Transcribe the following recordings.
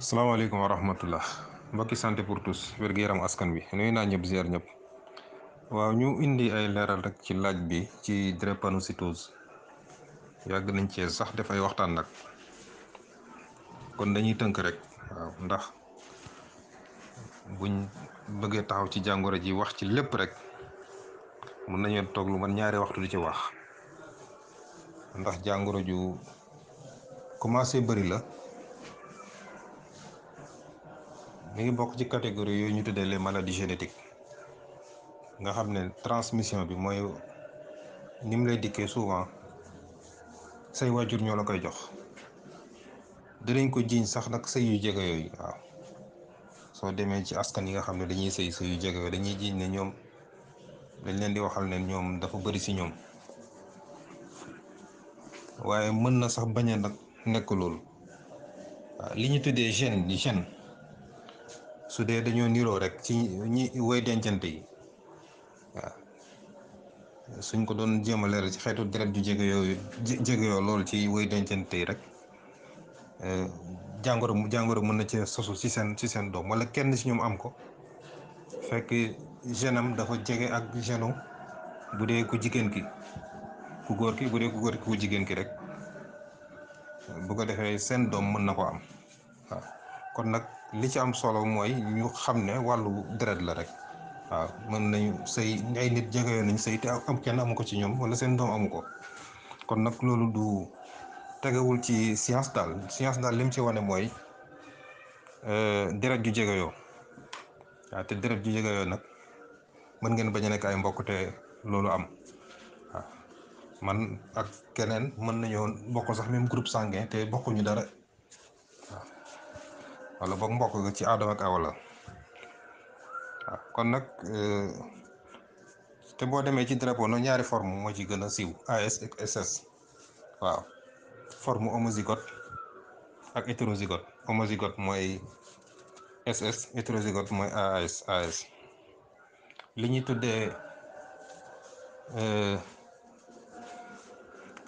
salaamaaleykum wa rahmatullah mbokki santé pour tous wér-gu-yaram askan wi nuyu naa ñëpp ziar ñëpp waaw ñu indi ay leeral rek ci laaj bi ci drépanocytose yàgg nañ cee sax def ay waxtaan nag kon dañuy tënk rek waaw ndax buñ bëggee taxaw ci jàngoro ji wax ci lépp rek mën nañoo toog lu man ñaari waxtu di ci wax ndax jàngoro ju commencé bari la mi ngi bokk ci catégorie yooyu ñu tuddee les maladies génétiques nga xam ne transmission bi mooy ni mu lay dikkee souvent say waajur ñoo la koy jox dinañ ko jiiñ sax nag sëy yu jege yooyu waaw soo demee ci askan yi nga xam ne dañuy sëy sëy yu jege yooyu dañuy jiiñ ne ñoom dañ leen di waxal ne ñoom dafa bëri si ñoom waaye mën na sax bañ nag nekk loolu waaw li ñu tuddee gène di gène su dee dañoo niroo rek ci ñi woy dencante yi waaw suñ ko doon jéem ci xeetu deret ju jege yooyu jege yoo loolu ci woy dencante yi rek euh, jàngoro mu jàngoro mën na cee sosu ci seen ci seen doom wala kenn ci ñoom am ko fekk gene am dafa jege ak gene bu dee ku jigéen ki ku góor ki bu dee ku góor ki ku jigéen ki rek bu ko defee seen doom mën na ko am waaw kon nag. li ci am solo mooy ñu xam ne wàllu deret la rek waaw mën nañu sëy ngay nit jegeyoo nañ sëy te am kenn amu ko ci ñoom wala seen doom amu ko kon nag loolu du tegewul ci science daal science daal lim ci wane mooy euh, deret ju jegeyoo waaw te deret ju jegeyoo nag mën ngeen bañ a nekk ay mbokk te loolu am man ak keneen mën nañoo bokk sax même groupe sanguin te bokkuñu dara. wala boog mbokk ci adama ak awa la ah, kon nag eh, te boo demee ci drapeau no ñaari forme moo ci gën a siiw AS SS waaw forme homozygote ak hétérozygote homozygote mooy SS hétérozygote mooy AS li ñuy tuddee eh,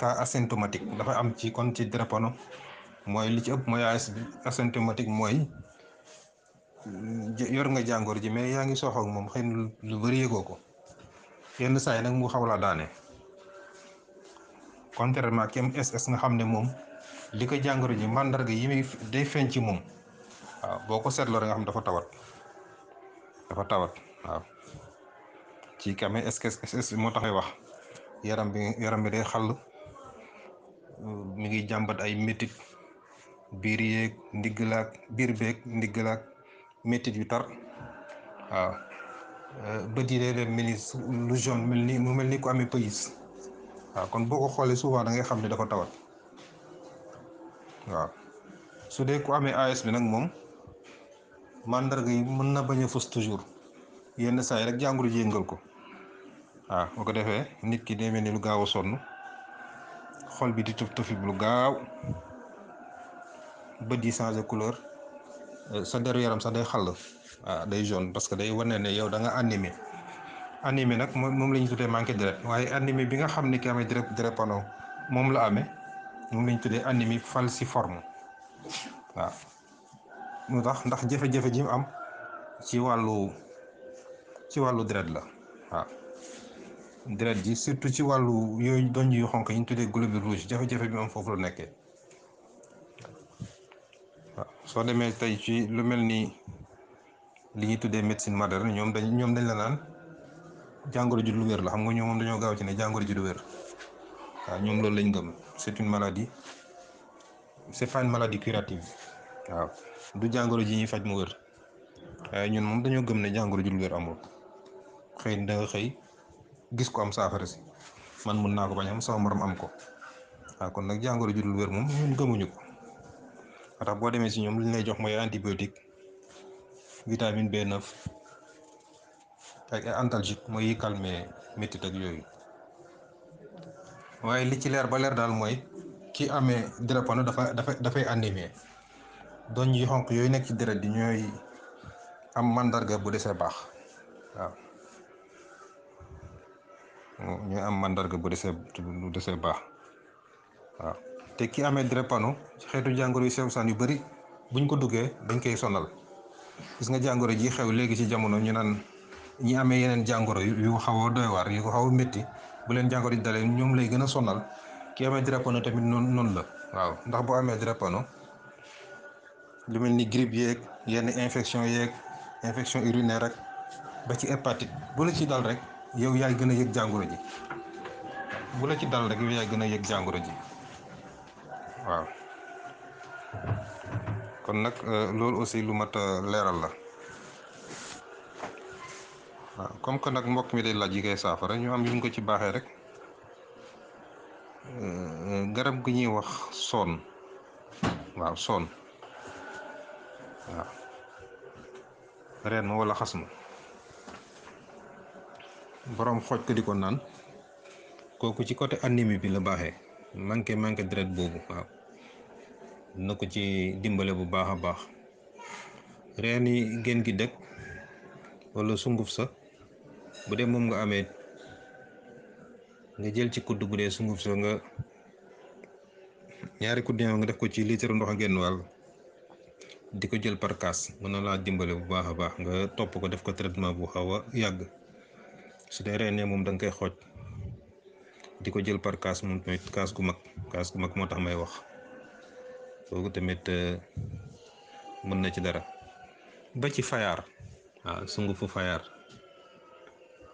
cas asymptomatique dafa am ci kon ci drépano mooy li ci ëpp mooy AS asymptomatique mooy mm, yor nga jàngoor ji mais yaa ngi soxoog moom xëy na lu bari yëgoo ko yenn saay yi nag mu xaw laa daane contrairement ak ss nga xam ne moom li ko jàngoro ji màndarga yi muy day feeñc moom waaw boo ko seetloo rek nga xam dafa tawat dafa tawat waaw ci kame SSS moo tax wax yaram bi yaram bi day xàll mm, mi ngi jàmbat ay métit biir yéeg ndigg laag biir beeg ndigg laag métit yu tar waaw euh, bët yi day dem mel ni lu jaune mel ni mu mel ni ku amee pays waaw kon boo ko xoolee souvent da ngay xam ne dafa tawat waaw su dee ku amee AS bi nag moom mandarga yi mën na bañ a fës toujours yenn saa yi rek jàngoro ji yëngal ko waaw boo ko defee nit ki day mel ni lu gaaw a sonn xol bi di tuf lu gaaw. bët yi changé couleur euh, sa deru yaram sax day xàll day jaune parce que day wanee ne yow da nga anémie anémie nag moom la ñu tuddee manqué deret waaye anémie bi nga xam ne ki amee deret drépano moom la amee moom la tuddee tuddee anémie falciforme waaw mu tax ndax jafe-jafe ji am ci wàllu ci wàllu deret la waaw deret ji surtout ci wàllu yooyu doñ yu xonk yi ñu tuddee globule rouge jafe-jafe bi mu am foofu la nekkee soo demee tey ci lu mel ni li ñuy tuddee médecine moderne ñoom dañ ñoom dañ la naan jàngoro ji lu wér la xam nga ñoom moom dañoo gaaw ci ne jàngoro ji du wér waaw ñoom loolu lañ gëm c'est une maladie c'est pas une maladie curative du jàngoro ji ñuy faj mu wér waaye ñun moom dañoo gëm ne jàngoro ji lu wér amul xëy na da xëy gis ko am saafara si man mun naa ko bañ am sama morom am ko waaw kon nag jàngoro ji lu wér moom ñun gëmuñu ko. tax boo demee si ñoom li ñu jox mooy antibiotique vitamine B9 ak antalgique mooy yi calmer métit ak yooyu waaye li ci leer ba leer daal mooy ki amee drépano dafa dafa dafay anémie doñ yi xonq yooyu nekk ci deret di ñooy am màndarga bu desee baax waaw ñooy am màndarga bu desee bu desee baax waaw te ki amee drépano ci xeetu jàngoro yu sew saan yu bëri buñ ko duggee dañ koy sonal gis nga jàngoro ji xew léegi ci jamono ñu ñi amee yeneen jàngoro yu xaw a doy waar yu ko xaw a bu leen jàngoro ji dalee ñoom lay gën a sonal ki amee drépano tamit noonu noonu la waaw ndax boo amee drépano lu mel ni grippe yeeg yenn infection yeeg infection urinaire rek ba ci hépatite bu la ci dal rek yow yaay gën a yëg jàngoro ji bu la ci dal rek yow yaay gën a yëg jàngoro ji waaw kon nag euh, loolu aussi lu mat a leeral la waaw comme que nag mbokk mi de laaj yi saafara ñu am yuñ ko ci baaxe rek euh, garab gi ñuy wax soon waaw soon waaw reen ma wala xas ma boroom xooj ko di ko naan kooku ci côté anémie bi la baaxee manqué manqué deret boobu waaw na ko ci dimbale bu baax a baax reen yi génn gi dëkk wala sunguf sax bu dee moom nga amee nga jël ci kudd bu dee sunguf sa nga ñaari kudd nga def ko ci litre ndox a génn wàll di ko jël par kaas mën na laa dimbale bu baax a baax nga topp ko def ko traitement bu xaw a yàgg su dee reen moom danga nga koy xooj di ko jël par kaas moom tamit kaas gu mag kaas gu mag moo tax may wax kooku tamit euh, mën na ci dara ba ci fayaar waaw sungufu fayaar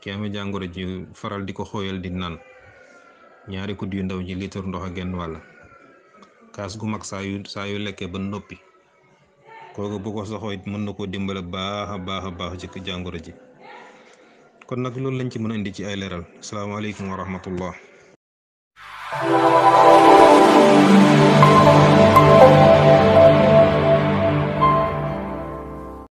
ki amee jàngoro ji faral di ko xooyal di naan ñaari kudd yu ndaw ñi litre ndox a genn wàll kaas gu mag saa yu saa yu lekkee ba noppi kooku bu ko soxoo it mën na koo dimbale baax a baax a baax ci jàngoro ji kon nag loolu lañ ci mën a indi ci ay leeral asalaamaaleykum wa rahmatullah Thank you.